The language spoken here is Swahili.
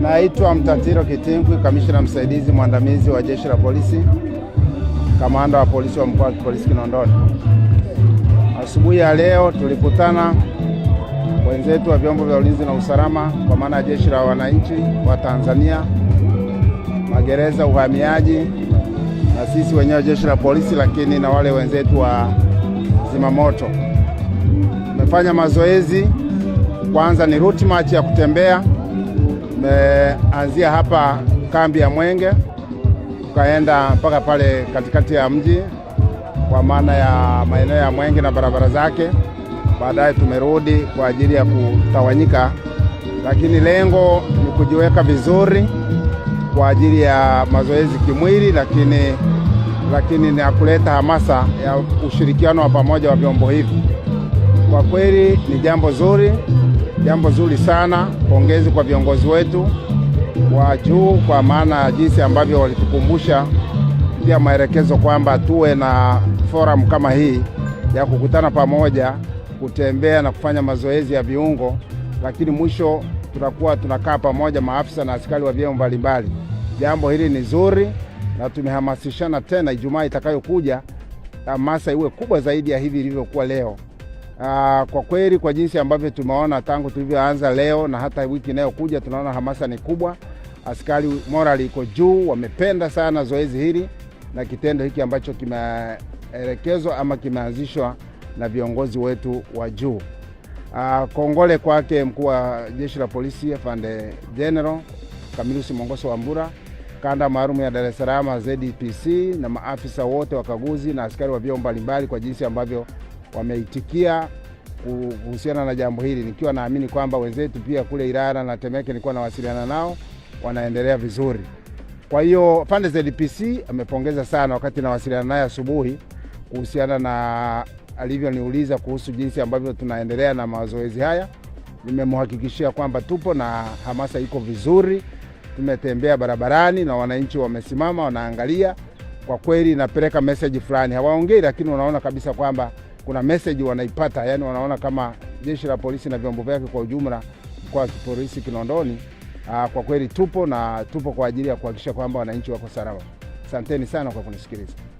Naitwa Mtatiro Kitimbwi, kamishina msaidizi mwandamizi wa Jeshi la Polisi, kamanda wa polisi wa mkoa wa kipolisi Kinondoni. Asubuhi ya leo tulikutana wenzetu wa vyombo vya ulinzi na usalama kwa maana ya jeshi la wananchi wa Tanzania, magereza, uhamiaji na sisi wenyewe jeshi la polisi, lakini na wale wenzetu wa zimamoto. Tumefanya mazoezi, kwanza ni route march ya kutembea. Tumeanzia hapa kambi ya Mwenge tukaenda mpaka pale katikati ya mji kwa maana ya maeneo ya Mwenge na barabara zake baadaye tumerudi kwa ajili ya kutawanyika, lakini lengo ni kujiweka vizuri kwa ajili ya mazoezi kimwili, lakini lakini na kuleta hamasa ya ushirikiano wa pamoja wa vyombo hivi. Kwa kweli ni jambo zuri, jambo zuri sana. Pongezi kwa viongozi wetu wa juu kwa maana ya jinsi ambavyo walitukumbusha pia maelekezo kwamba tuwe na forum kama hii ya kukutana pamoja kutembea na kufanya mazoezi ya viungo, lakini mwisho tunakuwa tunakaa pamoja, maafisa na askari wa vyeo mbalimbali. Jambo hili ni zuri na tumehamasishana tena, Ijumaa itakayokuja hamasa iwe kubwa zaidi ya hivi ilivyokuwa leo. Aa, ah, kwa kweli kwa jinsi ambavyo tumeona tangu tulivyoanza leo na hata wiki inayokuja tunaona hamasa ni kubwa, askari morali iko juu, wamependa sana zoezi hili na kitendo hiki ambacho kimeelekezwa ama kimeanzishwa na viongozi wetu wa juu. Uh, kongole kwake mkuu wa jeshi la polisi afande General Kamilusi Mongoso Wambura, kanda maalum ya Dar es Salaam ZDPC, na maafisa wote wakaguzi na askari wa vyombo mbalimbali kwa jinsi ambavyo wameitikia kuhusiana na jambo hili, nikiwa naamini kwamba wenzetu pia kule Ilala na Temeke nilikuwa nawasiliana nao wanaendelea vizuri. Kwa hiyo afande ZDPC amepongeza sana wakati nawasiliana naye asubuhi kuhusiana na alivyoniuliza kuhusu jinsi ambavyo tunaendelea na mazoezi haya, nimemhakikishia kwamba tupo na hamasa iko vizuri. Tumetembea barabarani na wananchi wamesimama wanaangalia. Kwa kweli inapeleka meseji fulani, hawaongei lakini wanaona kabisa kwamba kuna meseji wanaipata, yani wanaona kama jeshi la polisi na vyombo vyake kwa ujumla, mkoa wa kipolisi Kinondoni, ah, kwa kweli tupo na tupo kwa ajili ya kuhakikisha kwamba wananchi wako salama. Asanteni sana kwa kunisikiliza.